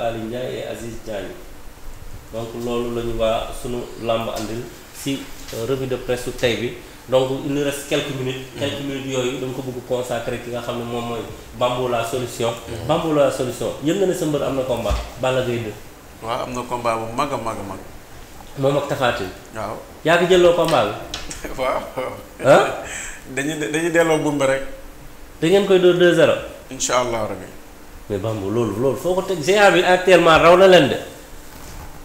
Ali Ndiaye et Aziz Diagne loolu la ñu waa sunu làmb andil si euh, revue de presse su tey bi donc il nous reste quelques minutes. Mm-hmm. quelques minutes yooyu dañ ko bëgg consacrer ki nga xam ne moom mooy Bambou la solution. Mm-hmm. Bambou la solution yëg nga ne sa mbër am na combat Balla Gaye 2. waaw am na combat bu mag a mag a mag. moom ak Tapha waaw yaa ngi jëloo combat bi. waaw. ah. dañuy dañuy delloo bumb rek. da koy dóor 2-0. incha allah rabi. mais Bamba loolu loolu foo ko teg GA bi actuellement raw na leen de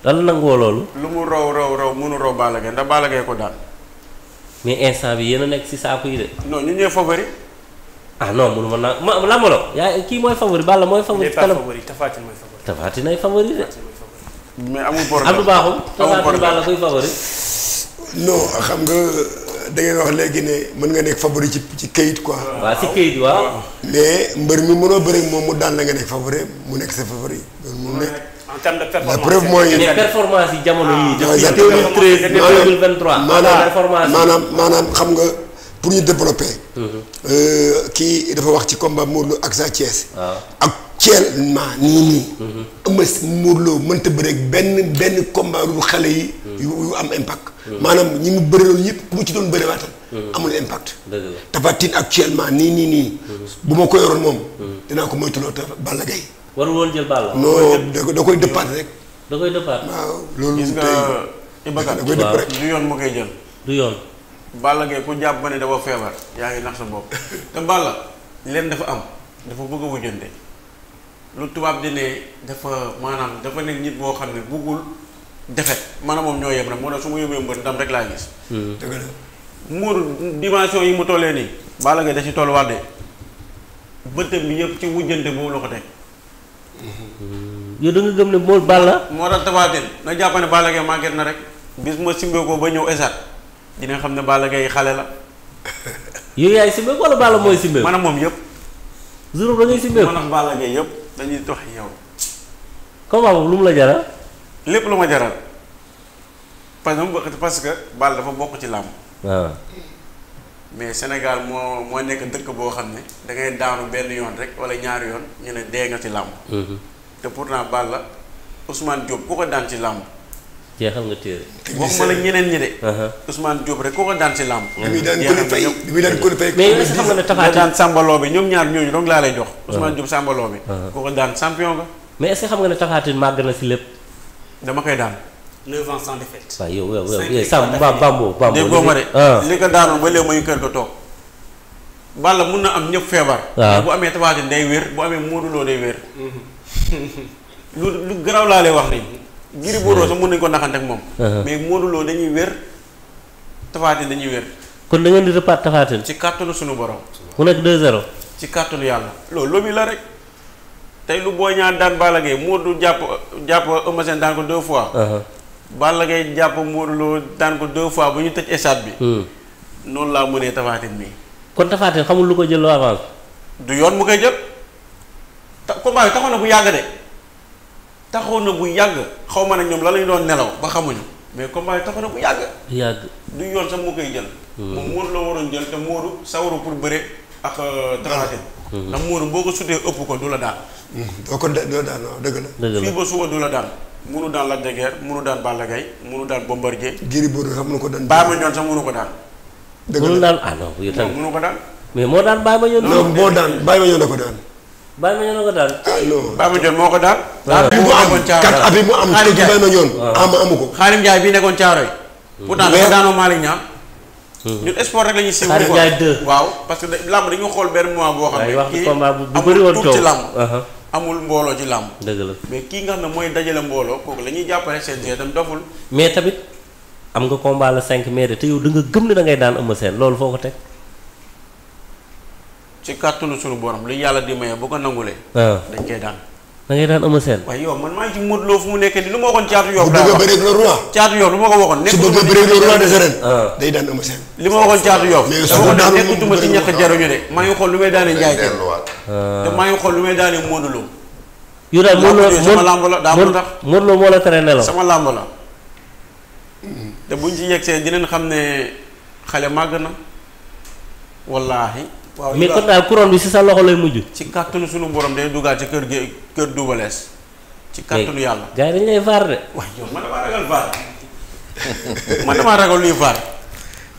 lan nangoo loolu. lu mu raw raw raw mënu raw Balla Gaye ndax Balla ko daan. mais instant bi yéen a nekk si saako yi de. non ñun ñooy favori. ah non mënu ma naa ma lambalo. yaa kii mooy favori Balla mooy favori. ci kanam Tafatin mooy favori. Tafatin ay favori de. mais amul bor la Abdou Baaxum. kuy favori. non xam nga. da ngay wax léegi ne mën nga nekk favori ci ci kayit quoi. waaw mais mbër mi mënoo bëri moom mu daan la nga nekk favori mu nekk sa favori. mu nekk en terme de performance la preuve mooy. jamono yii. Ah. depuis 2013 2023 maanaam maanaam maanaam xam nga pour ñu développer. Mhm. Euh, kii dafa wax ci combat Modou ak sa Thiès. Ah. ak actuellement nii nii. Mhm. Eumeu Modou Lo mënta bëreeg benn benn combat ru xale yi. Mhm. yu am impact. maanaam ñi mu bëri loolu ñëpp ku mu ci doon bëri waatam mm-hmm. amul impact tafatin actuellement nii nii nii mm-hmm. bu ma ko yoroon moom mm-hmm. dinaa ko moytuloo te Balla Gaye war woon jël Balla non da koy dëppaat rek da koy dëppaat waaw loolu tey da moo koy jël du yoon Balla Gaye ku jàpp ba ne dafa feebar yaa ngi nax sa bopp te Balla leen dafa am dafa bëgg a wujjante lu tubaab di ne dafa maanaam dafa nekk nit boo xam ne buggul defet maanaam moom ñoo yem rek moo tax su ma yóbbee mbër ndam rek laa gis. Hmm. muur dimension yi mu tollee nii. Balla Gaye da ci tolluwaat de bëtëm bi yëpp ci wujjante boobu la ko teg. Hmm. yow da nga gëm ne moo Balla. moo tax tabaateen na jàpp bala Balla Gaye màgget na rek bis ma simbee ko ba ñëw esat dina xam ne bala Gaye xale la. yow yaay simbee ko wala Balla mooy simbee ko. maanaam moom yëpp. juróom da ngay simbee ko maanaam Balla Gaye yëpp dañuy dox yow. comment boobu lu mu la jaral. lépp lu ma jaral par exemple parce que bal dafa bokk ci làmb waaw mais Sénégal moo moo nekk dëkk boo xam ne da ngay daanu benn yoon rek wala ñaari yoon ñu ne dee nga ci làmb mhm. te naa bal la Ousmane Diop ku ko daan ci làmb nga téere waxuma la ñi de uh-huh. Ousmane Diop rek ku ci làmb muy daan kon fay mais yow xam ñoom ñaar ñooñu donc laa lay jox uh-huh. Ousmane sàmbaloo bi uh-huh. ku ko daan champion mais est-ce xam nga ne Tapha Tine màgg na si lépp dama koy daan. 9 ans sans défaite. waaw yow yow yow sàmm bambo bambo. déggoo ma de ah. ba léegi mooy kër ga toog. Balla mun na am ñëpp feebar. waaw ah. bu amee Tapha Tine day wér bu amee Modou Lo day wér. lu lu garaaw laa lay wax nii. Hmm. Gris Bordeaux hmm. sax mun nañu ko naxante ak moom. Uh-huh. mais Modou Lo dañuy wér Tapha Tine dañuy wér. kon da di repaat Tapha ci kàttanu suñu borom. mu nekk 2 ci kàttanu yàlla loolu loobi la rek. tey lu Boy Niang daan Balla Gaye du jàpp jàpp Eumeu Sène daan ko deux fois. Uh-huh. Balla Gaye jàpp Modou loo daan ko deux fois bu ñu tëj stade bi. Hmm. noonu laa mënee Tapha Tine kon Tapha Tine xamul lu ko jël avance. du yoon mu koy jël. ta combat bi taxoon na bu yàgg de taxoon na bu xaw ma ne ñoom la lañu doon nelaw ba xamuñu mais combat bi taxoon na bu yàgg. yàgg du yoon sax mu koy jël. Hmm. moom Modou la waroon jël te Modou sawaru pour bëre ak euh, Tapha Tine. Hmm. ndax Modou boo ko sutee ko du la daan. doo ko doo daan waaw dëgg la. fii ba suba du la daan. munu daan Lac de Guiers munu daan Balla Gaye munu daan Bombardier. Gris Bordeaux sax munu ko daan. Baye Mandione sax munu ko daan. dëgg la munu daan ah non. yow tamit munu ko daan. mais moo daan Baye Mandione. non moo daan Baye Mandione la ko daan. Baye Mandione la ko daan. allo ah, Baye Mandione moo ko daan. waaw ah. bi mu am kat at bi mu am. xaalim Ndiaye Baye Mandione am ah. amu ko. xaalim Ndiaye bii nekkoon Thiaroye. Hmm. pourtant dafa daanoo Malick Niang. Hmm. ñun sport rek la ñuy sim. xaalim Ndiaye 2 waaw parce que làmb dañu xool benn mois boo xam ne. kii amul tuuti làmb uh-huh. amul mbooloo ci làmb. dëgg la mais kii nga xam ne mooy dajale mbooloo kooku lañuy ñuy jàppale CNG itam doful. mais tamit am nga combat le 5 mai de te yow da nga gëm ne da daan Eumeu Sène loolu foo ko teg. ci sunu suñu borom lu yàlla di maye bu ko nangulee. Ah. dañ koy daan. da ngay daan Eumeu waaye yow man maa ngi ci Modou fu mu nekk nii lu ma waxoon caatu yow. a bëreeg le roi. caatu yow lu ma ko waxoon. nekkul su bëgg a bëreeg li ma waxoon caatu yow. mais su ma daanu nekkutuma ci ñàkk jaruñu de. maa ngi xool lu may daane Ndiaye Kër. te maa ngi xool lu may daane Modou Lo. yu daal Lo sama lamb la daa ko tax Modou moo la tere nelaw sama lamb la. Hmm. te buñ ci yegsee dinañ xam ne xale màgg na wallaahi waaw mais kon daal couronne bi si sa loxo lay mujj. ci kàttanu sunu borom day duggaat ci kër gi kër Double Less ci kàttanu yàlla. gars yi dañu lay vaar de. waaw yow man damaa ragal vaar man damaa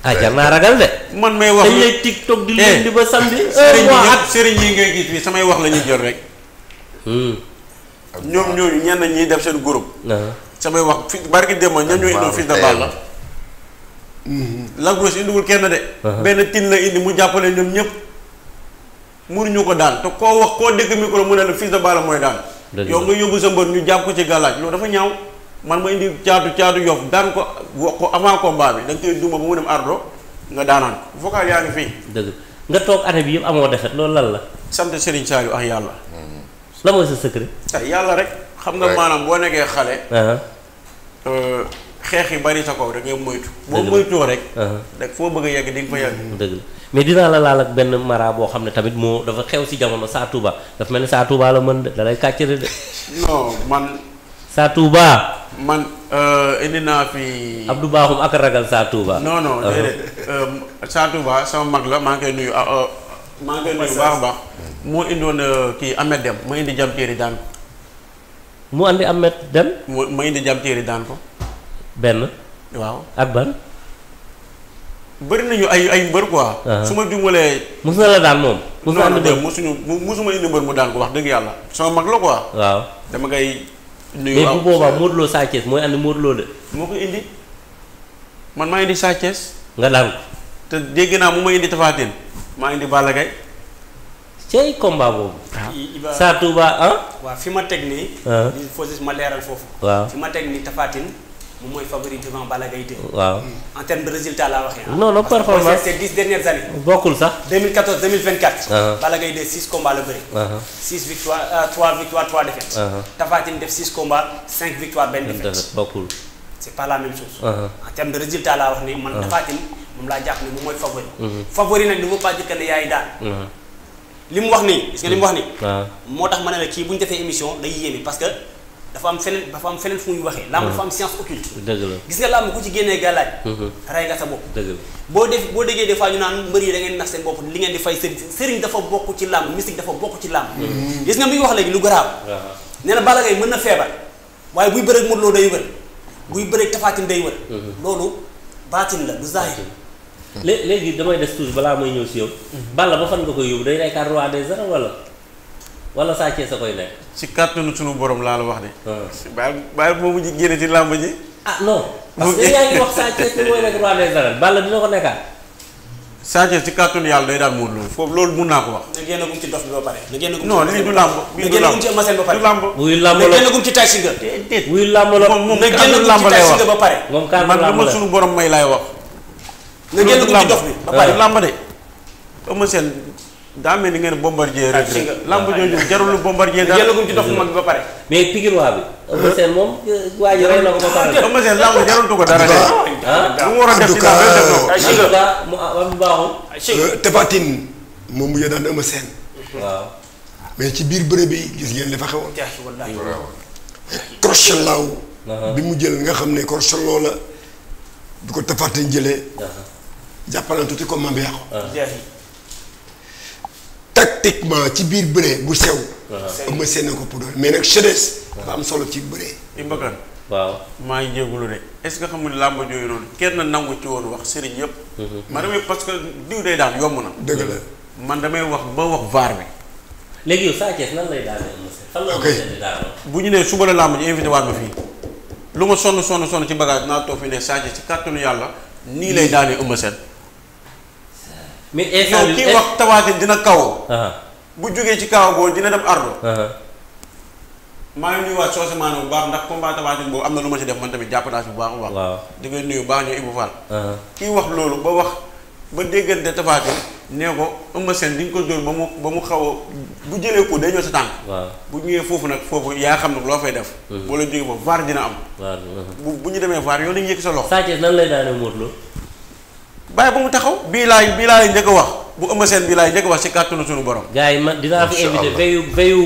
ah jar ragal de. man may wax dañ lay tiktok di eh, lundi euh, sëriñ yi ngay gis bi samay wax la ñuy rek. Hmm. ñoom ñooñu ñenn ñiy def seen groupe. Ah. samay wax fi barki démb ñoom ñoo indi fils de Balla. Hmm. Lac Rose indiwul kenn de. Ah. benn tin la indi mu jàppale ñoom ñëpp. mënuñu ko daan te koo wax koo dégg micro mu ne la Fils de Balla mooy daan. yow nga yóbbu sa mbër ñu jàpp ko ci gàllaaj loolu dafa ñaaw man ma indi caatu caatu yof daan ko wax ko avant combat bi da nga koy duma ba mu dem ardo yaa ngi fii. dëgg nga toog année bi yëpp amoo defet loolu lan la. sant saa Saliou ak ah yàlla. Mm-hmm. la mooy sa secret. Eh, yàlla rek. xam nga maanaam boo nekkee xale. Uh-huh. Euh, xeex yi bari sa kaw da ngay moytu. boo moytoo rek. Uh-huh. rek foo bëgg a yegg di nga fa yegg. dëgg mais dinaa la laal ak benn mara boo xam ne tamit moo dafa xew si jamono Saa Touba dafa mel ni Saa Touba la mën de da lay kàccere de. non man. Saa Touba. man euh, indi naa fi. Abdou Bakhoum ak ragal Saa Touba. non non uh-huh. déedéet euh, Saa Touba sama mag la maa ngi koy nuyu ah, oh, maa ngi moo indoon euh, Dem ma indi jam Dem. ma indi jam téeri daan ko. benn. waaw ak ban. bëri nañu ay ay mbër quoi. Uh-huh. su ma jumalee. mos na la daal moom. mos na la daan mosuñu mosuma indi mbër mu daan ko wax dëgg yàlla sama mag la quoi. waaw dama ngay. nuyu mais bu boobaa Modou Lo ko indi man maa indi Sa Thiès. nga daan ko. te dégg naa mu ma indi Tapha maa indi Balla Gaye. cey combat boobu. Ah. Ah? waaw Sa ah. fi ma teg nii. Ah. il ma leeral foofu. waaw fi ma teg nii tafaatin moom mooy favori devant Balla Gaye 2. waaw hmm. en terme de résultat laa waxee. non non performance parce que ces dix dernières années. bokkul sax 2014 2024. Uh-huh. Balla Gaye 2 six combats la bëri. 6 uh-huh. victoires 3 euh, victoires 3 uh-huh. def 6 combats 5 victoires benn défaite. bokkul. c' est la même chose. en terme de résultat laa wax ne man Tapha Tine laa jàpp ne moom mooy favori. favori nag ne veut pas dire yaay daal. li mu wax nii. est ce que mu wax nii. moo dafa am feneen dafa am feneen fu muy waxee làmb dafa am science occulte dëgg la gis nga làmb ku ci génnee gàllaaj rey nga sa bopp dëgg la boo def boo degee des fois ñu naan mbër yi da ngeen nax seen bopp li ngeen di fay dafa bokk ci làmb mystique dafa bokk ci làmb gis nga mi wax léegi lu garaaw nee na Balla Gaye mën na feebar waaye buy bëreeg Modou Lo day wër buy bëreeg Tapha Tine day wër loolu baatin la du zahir léegi damay def toujours balaa mooy ñëw si yow Balla ba fan nga koy yóbbu day nekk roi des wala wala Sa Thiès sa koy lekk. ci kàttanu sunu borom laa la wax de. Ah. baal baal boobu ji génne ci làmb ji. ah non. parce que yaa ngi wax Sa Thiès bi mooy nekk roi des arènes Balla dina loolu mun naa ko wax. na génn gum ci dof bi ba pare. na génn gum ci non lii du làmb. lii du làmb na génn gum ci ba pare. moom moom kàddu làmb lay wax moom kàddu làmb la man lu ma sunu borom may laay wax. na génn gum ci dof bi ba pare làmb de Eumeu Sène daa mel ni ngeen bombardier rek ah, rek lamb lu ah, ah. bombardier daal yellagum ci dox mag bi ba pare mais pigir waa bi Eumeu Sène moom waa ji rey na ko ba pare Eumeu ko dara de lu mu war a def ci daan Eumeu Sène mais ci biir bëre bi gis ngeen li fa xewoon crochelaaw uh-huh. bi mu jël nga xam ne crocheloo la du ko Tapha Tine jëlee uh-huh. jàppalante tuuti ko mam bi yàqu uh-huh. tactiquement ci biir bëree bu sew. waaw ëmb seen ko pour mais nag jeunesse. dafa am solo ci bëree. Imbakar. waaw maa ngi jégalu de est-ce que xam nga làmb jooyu noonu kenn nangu ci woon wax sëriñ yëpp. Mhm. ma damay parce que diw de daal yomb na. dëgg la man damay wax ba wax vaar bi. léegi yow Sa Thiès nan lay daanee monsieur. fan la ñu bu ñu nee suba la làmb ji invité waat ma fii lu ma sonn sonn sonn ci bagage naa toog fi ne Sa Thiès ci kàttanu yàlla nii lay daanee ëmb seen. mais instant kii wax tawaatin dina kaw. Uh-huh. bu jógee ci kaw boobu dina dem ardo uh-huh. maa ngi waat soo semaane bu baax ndax combat tawaatin boobu am na lu ma ci def man tamit jàpp naa bu baax a baax. waaw di koy nuyu bu baax uh-huh. wax loolu ba wax ba déggante tawaatin nee ko Eumeu Sène di nga ko dóor ba mu ba mu xaw a bu jëlee ko day ñëw sa tànk. bu ñëwee foofu nag foofu yaa xam nag loo fay def. boo la jógee foofu vaar dina am. bu bu ñu demee vaar yow dañuy yëkk sa loxo. Sa Thiès nan lay daanee Modou Lo bàyyi ba mu taxaw bii laay bii laay njëkk a wax bu ëmb seen bii laay njëkk wax ci kàttanu suñu borom. gars yi man dinaa fi invité veyu veyu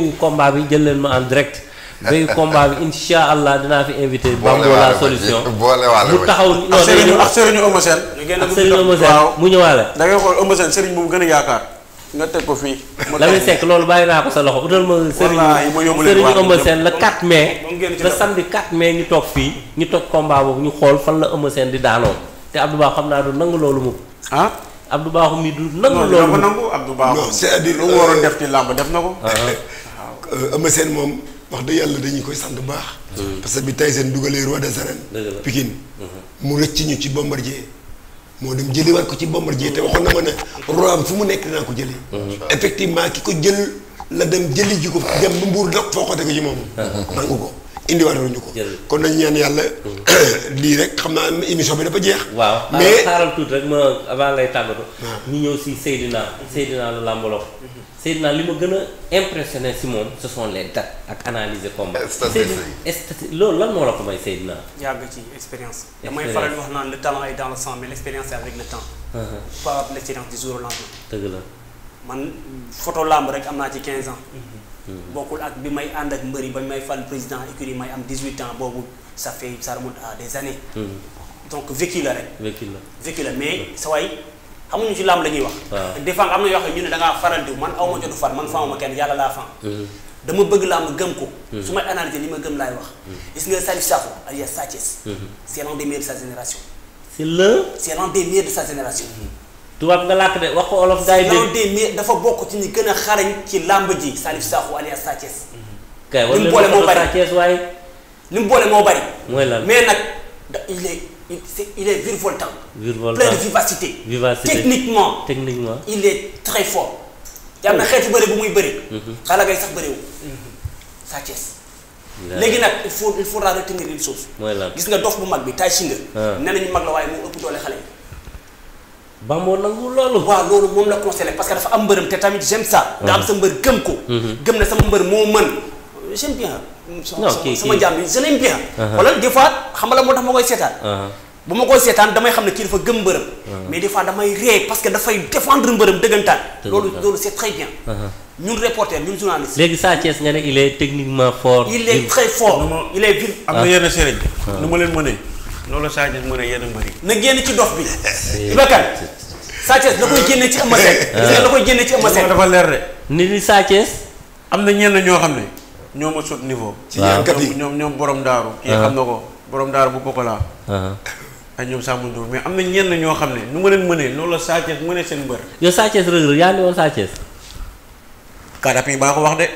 bi jël leen ma direct. béyu combat bi incha allah dinaa fi invité. Bambo la solution mu taxaw. ak Serigne ak Serigne Eumeu Sène. ak Serigne Eumeu Sène mu ñëwaale. da ngay xool Eumeu Sène Serigne bu mu gën a yaakaar. nga teg ko fii. la muy sekk loolu bàyyi naa ko sa loxo utal ma Serigne Serigne Eumeu Sène le 4 mai. le samedi 4 mai ñu toog fii. ñu toog combat boobu ñu xool fan la Eumeu seen di daanoo. te Abdou baax xam naa du nangu loolu moom. ah Abdou baaxu mii du nangu loolu moom nangu Abdou Ba. non c'est-à-dire lu waroon euh, def ci def na ko. waaw ah. euh, Eumeu Sène moom wax dëgg yàlla dañu koy sant bu baax. Hmm. parce que bi Tyson dugalee roi des arènes. Pikine hmm. mu rëcc ñu ci bombar Bombardier. moo dem jëliwaat ko ci Bombardier te waxoon na ma ne roi am fu mu nekk dinaa ko jëli. Hmm. effectivement ki ko jël la dem jëli ji ko dem ba mbuur dox foo ko teg ci moom. nangu ko. indiwaatoon ñu ko. kon nañu ñaan yàlla. Mm. lii rek xam naa émission bi dafa jeex. waaw xaaral tuuti rek ma avant ngay tàggatu. ñu ñëw si Seydina Seydina la làmbaloo. Mm-hmm. Seydina li ma gën a impressionné si moom ce sont les dates ak analyser combat. est loolu lan la ko may Seydina. yàgg ci expérience. damay faral wax naan le talent est dans le sang l' expérience est avec le uh-huh. l' expérience du jour au lendemain. dëgg la man photo làmb rek am naa ci 15 ans. Mm-hmm. Mm-hmm. bokkul ak bi may ànd ak mbëri yi ba may fal président écurie may am 18 ans boobu ça fait ça remonte des années. Mm-hmm. donc vécu la rek. vécu la vécu mais sa waay xamuñu ci làmb la ñuy wax. waaw ah. des fois am na yoo xam ñu ne da ngaa faral di man aw ma jotu far man faamuma kenn yàlla laa faam. Mm-hmm. dama bëgg làmb gëm ko. su may analyser li ma gëm laay wax. gis nga Salif Sakho alias Sathiès. c'est l'un des de sa génération. c'est le. c'est l'un des meilleurs de sa génération. tubaab nga làkk de wax ko olof. gars yi dafa bokk ci ñi gën a xarañ ci làmb ji. Salif Sakho alias Sa Thiès. Mhm. kay wala li mu boole moo bari li mu boole moo bari. mooy lan mais nag il est il est virevoltant. virevoltant plein de vivacité. vivacité techniquement. techniquement il est très fort. na oh. xeetu bëri bu muy bëri. Mhm. xaaral ngay sax bëriwul. Mhm. Sa Thiès. léegi nag il faut il faudra retenir une chose. mooy lan gis nga dof bu mag bi Tay Shinger. Ah. nee nañu mag la waaye moo ëpp doole xale yi. Bambo nangu loolu. waaw loolu moom la concerné parce que dafa am mbërëm te tamit j'aime ça. Mm-hmm. nga am sa mbër gëm ko. Mm-hmm. gëm na sama mbër moo mën. j'aime bien. non kii sama jàmm bi je l'aime bien. Uh-huh. xoolal des fois moo tax ma koy seetaan. Uh-huh. bu ma koy seetaan damay xam ne kii dafa gëm mbërëm. Uh-huh. mais des fois damay ree parce que dafay défendre mbërëm dëggantaan. loolu loolu c'est très bien. ñun reporter ñun journaliste. léegi Sa Thiès nga ne il est techniquement fort. il est très fort il est ah. ah. ma leen mënee. loolu Sadio mën a yéen a yi na génn ci dof bi. Ibakan Sathiès da koy génne ci Eumeu koy génne ci Eumeu Sène. Ah. dafa leer de. ni ni Sathiès. am na ñenn ñoo xam ne ñoo ma sot niveau. ci ñaankat yi ñoom ñoom borom daaru. kii ah. xam na ko borom daaru bu Pokola. ak ah. ñoom Samba Ndour mais am na ñenn ñoo xam ne nu ma leen mënee loolu la Sathiès mënee seen mbër. yow Sathiès Reug Reug yaa ngi woon Sathiès. karap yi baa ko wax de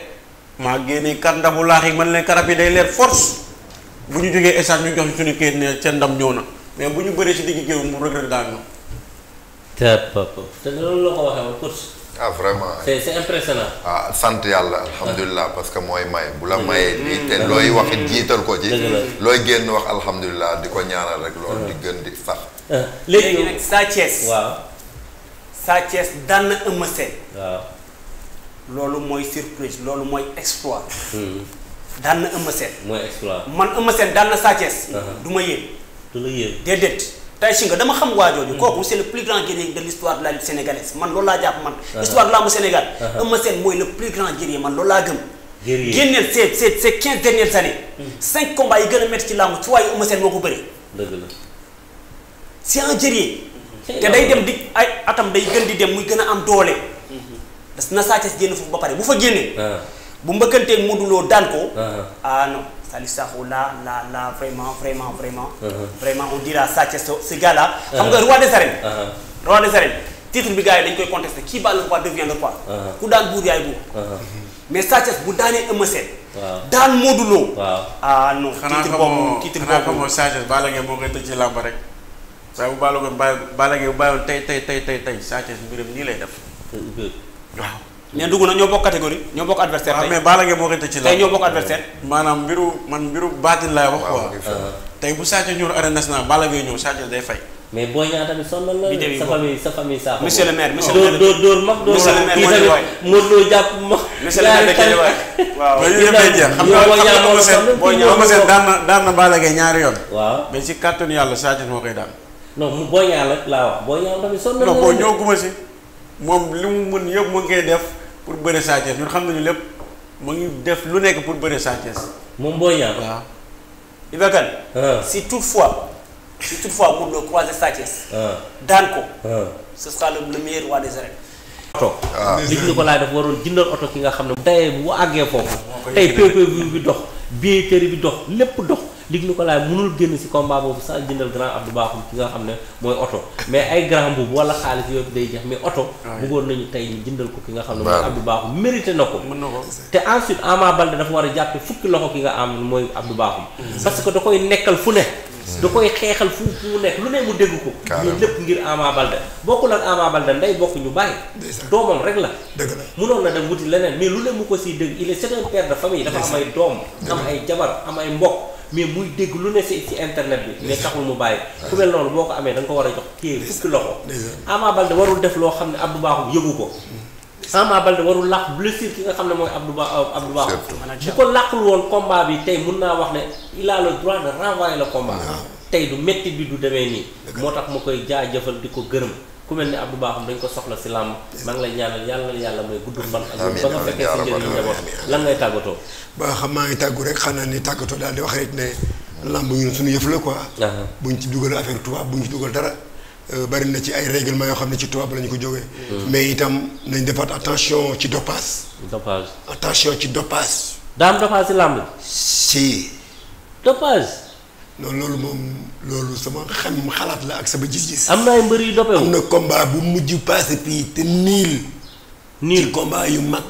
maa génnee kat ndabu laax yi man leen karap yi day leer force. bu ñu jógee échange ñu jox suñu kayit ne seen ndam ñëw na mais bu ñu bëree si digg géew mu Reug Reug te loolu la ko waxee woon coach. ah ah sant yàlla alhamdulilah parce que mooy may bu la mayee. te looy wax it jiital ko ci. looy génn wax alhamdulilah di ko ñaanal rek. loolu di gën di sax. Ah, léegi nag Sa Thiès. Sa Thiès daan na Eumeu Sène. loolu mooy surprise loolu mooy exploit. Hmm. daan na Eumeu Sène. man Eumeu Sène daan na Sa Thiès. du ma yéen. du la yéen déedéet. Tay Shinga dama xam waa jooju. Hmm. kooku c' est le plus grand guerrier de l'histoire de la sénégalaise man loolu laa jàpp man. histoire de la mu Sénégal. Eumeu Sène mooy le plus grand guerrier man loolu laa gëm. guerrier génneel ces ces ces quinze dernières années. Hmm. cinq combats yi gën a métti ci làmb ci waayu Eumeu Sène moo ko bëri. dëgg la c' est un te day dem di ay atam day gën di dem muy gën a am doole. Hmm. na Sa génn foofu ba pare bu fa génnee. Ah. bu mbëkkanteeg Modou Lo daan ko. Ah. ah non Salif Sakho là là là vraiment vraiment vraiment. Ah. vraiment on dira Sa Thiès ce gars là. Ah. xam nga roi des arènes. roi des arènes titre bi gars yi dañ koy contesté qui bat le roi devient le roi. ku daan buur mais Sa bu daanee Eumeu Sène. daan Modou Lo. ah non titre boobu titre boobu xanaa xamoo Sa Thiès Balla Gaye moo koy tëj ci làmb rek. waaye bu tey tey tey tey tey Sa Thiès mbiram nii lay def. waaw. mais dugg na ñoo bokk catégorie mais Balla moo koy tëj ci la tey ñoo bokk adversaire euh, maanaam mbiru man mbiru baatin laay wax quoi tey bu Sa Thiès ñëw arène nationale Balla Gaye ñëw Sa Thiès day mais booy ñaa tamit sonal la sa famille sa famille sa monsieur le maire monsieur le maire dóor moo di waay Modou Lo jàpp mag monsieur le booy ñaari yoon waaw mais si kàttanu yàlla Sa Thiès moo koy daan non booy ñaa la laa wax booy ñaa boo ñoo guma si moom li mu mën yëpp mu ngi def pour bëre Sa Thiès ñun xam nañu lépp mu ngi def lu nekk pour bëre Sa Thiès. moom Boy Niang waaw. Iba Kane. Ah. si toutefois si toutefois Modou Lo croiser Sa Thiès. Ah. daan ko. Ah. ce sera le le meilleur roi des arènes. oto nit ñi ko laaj dafa waroon jëndal oto ki nga xam ne dayee bu àggee foofu tey PPV bi dox billetterie bi dox lépp dox Ligue Nicolas mënul génn ci combat boobu sans jëndal grand Abdou Bakhoum ki nga xam ne mooy mais ay grand wala xaalis yooyu day jeex mais oto ah, bëggoon nañu tey jëndal ko ki nga xam ne mooy Abdou Bakhoum mérité na ko te ensuite Ama Baldé dafa war a jàppe fukki loxo ki nga am mooy Abdou Bakhoum mm. parce que da koy nekkal fu ne mm. da koy xeexal fu lu ne mu dégg ko. ñu lépp ngir Ama Baldé bokkul ak Ama Baldé nday bokk ñu bàyyi. doomam rek la. dëgg la munoon na dem wuti leneen mais lu ne mu ko siy dégg il est c'est un famille. dafa am ay doom am ay jabar am ay mbokk. mais muy dégg lu ne si ci internet bi mais taxul mu bàyyi ku mel noonu boo ko amee da ko war a jox téye fukki loxo Ama Baldé warul def loo xam ne Abdou Bakhoum yëgu ko Ama Baldé warul làq blessure ki nga xam ne mooy Abdou Ba euh, Abdou Bakhoum bu ko làqul woon combat bi tey mun naa wax ne il a le droit de renvoyer le combat tey du métti bi du demee nii moo tax ma koy jaajëfal di ko gërëm ku mel ni baax Bakhoum dañ ko soxla si làmb maa ngi lay ñaanal yàlla na yàlla may gudd fan ak ba nga lan ngay tàggatoo ba xam maa ngi tàggu rek xanaa ni tàggatoo daal di wax rek ne làmb ñun suñu yëf la quoi buñ ci dugal affaire tubaab buñ ci dugal dara euh, bari na ci ay règlement yoo xam ne ci tubaab la ñu ko jógee hmm. mais itam nañ defaat attention ci dopage dopage attention ci dopage daam dopage si làmb si dopage non loolu moom loolu sama xam xalaat la ak sama gis-gis. am na ay mbër yu doppewu am na combat bu mujj passé fii te niil. nii ci combat yu mag.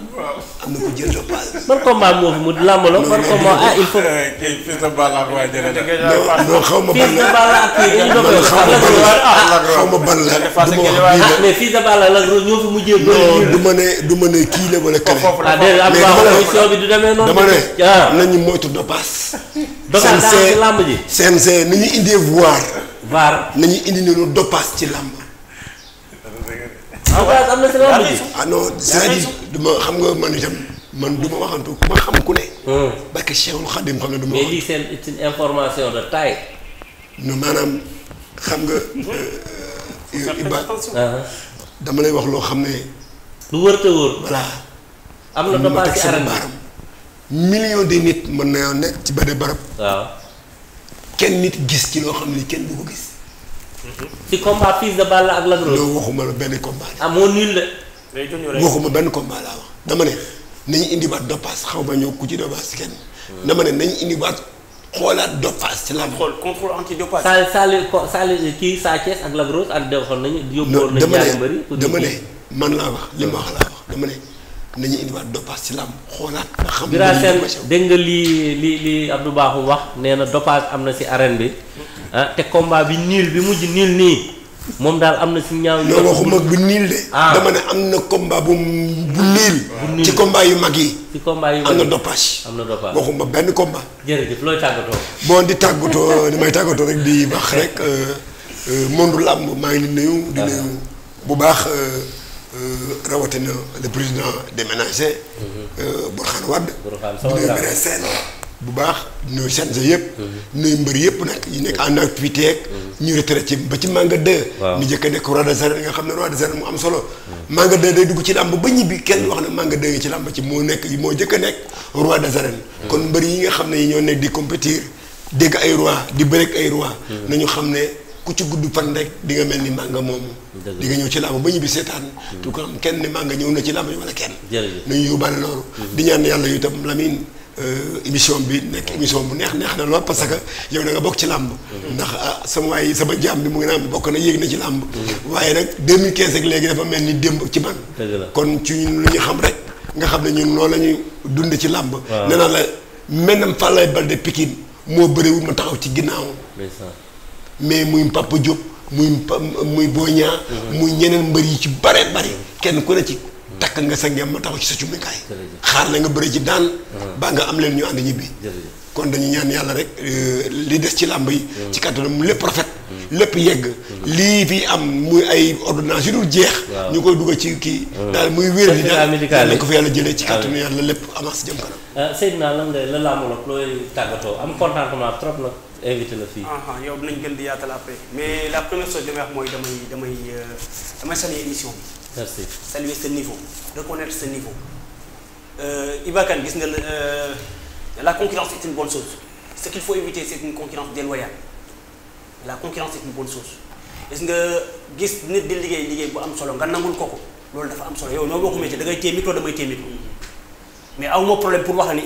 am na ku jël sa paas. ban combat moo fi mu làmb la ban combat ah eh, kii fii sa Balla ak waa Jalle non xaw ma ban la xaw ma ban ah, ah, ah. na ñu moytu dopas. dopas daal ci indee voir. voir nañu indi ne lu dopas ci làmb. am na si ah duma xam nga man itam man du ma waxantu ku ma xam ku ne. parce hmm. que Cheikhul Khadim xam ne du ma. mais maanaam xam nga. Euh, euh, ah ah. dama lay wax loo xam ne. lu wër te wër. voilà am na dommage ci arène million de nit mën na nekk ci benn barab. waaw kenn nit gis ci loo xam ne kenn du ko gis. ci combat fils de Balla ak Lac Rose. loolu waxuma la benn combat. ah moo nul la. waxuma benn combat laa wax dama ne nañu indiwaat doppaas xaw ma ñëw ku ci doppaas kenn. dama ne nañu indiwaat xoolaat doppaas ci la. xool contrôle anti doppaas. Sall Sall ko Sall kii Sa Thiès ak Lac Rose ak Deo xool nañu. yóbbu woon nañu ñaari mbëri dama ne man laa wax li ma wax laa wax dama ne. nañu indiwaat dopage ci làmb xoolaat. nga xam ne moom dégg nga lii li li Abdou Bakhoum wax nee na dopage am na ci arène bi ah te combat bi niil bi mujj niil nii moom daal am na ci ñaaw. ñoo waxuma bu niil de. Ah. am na combat bu bu niil. ci combat yu mag yi. ci combat yu mag yi am na dopage. am na dopage waxuma benn combat. jërëjëf looy tàggatoo. bon di tàggatoo may tàggatoo rek di wax rek euh, euh, monde làmb maa ngi nuyu. di ah. nuyu bu baax. Euh, Euh, rawatina le président déménagé. Mhm. Euh, Bourkhane Wade. Bourkhane sama grand bu baax nuyu change yëpp. Mhm. nuyu mbër yëpp nag yi nekk en activité ak. Mhm. ñu retraité ba ci manga 2. waaw ñu njëkk a nekk roi des nga xam ne roi des arènes mu am solo. manga 2 day dugg ci làmb ba ñibbi kenn wax ne manga 2 yi ci làmb ci moo nekk moo njëkk a nekk roi des arènes. kon mbër yi nga xam ne ñoo nekk di compétir dégg ay roi di bëreeg ay roi. nañu xam ne. ku ci gudd fan rek di nga mel ni mànga moomu di nga ñëw ci làmb ba ñibbi seetaan hmm. tu ko am kenn ni mànga ñëw na ci làmb wala kenn nañu yóbbaale loolu hmm. di ñaan yàlla yu tam Lamine euh, émission bi nekk hmm. émission bu neex neex na lool parce que yow na nga bokk ci làmb ndax ah, sama waay sama jaam bi mu ngi naan bokk na yéeg na ci làmb waaye nag 2015 ak léegi dafa mel ni démb ci man kon ci ñun lu ñu xam rek nga xam ne ñun loolu la ñuy dund ci làmb nee naa la mennam Falaye Baldé Pikine moo bëriwul ma taxaw ci ginnaaw mais muy Papa Diop muy muy Boña. Mhm. muy ñeneen mbër yi ci bare bari kenn ku ne ci takk nga sa ngem ma taxu ci sa cumikaay xaar na nga bëri ci daan mhm. ba nga am leen ñu ànd ñibbi kon dañu ñaan yàlla rek euh, li des ci làmb yi mhm. ci kattanam lépp rafet lépp yegg lii fi am muy ay ordonnance yu dul jeex ñu koy dugg ci kii daal muy wér di daal na ko fi yàlla jëlee ci ah kattanu yàlla lépp avance jëm kanam euh, Seydina lan nga la làmb nag looy tàggatoo am invité la fii. Ah, ah, yow dinañ gën di yaatal après mais la première chose li wax mooy damay damay euh, damay émission bi. merci sa niveau reconnaître sa niveau. Euh, Iba Kane gis nga euh, la concurrence est une bonne chose ce qu'il faut éviter c'est une concurrence déloyale la concurrence est une bonne chose gis nga gis nit di liggéey liggéey bu am solo nga nangul kooku loolu dafa am solo yow noo bokk métier da ngay téye micro damay téye micro mm-hmm. mais aw ma problème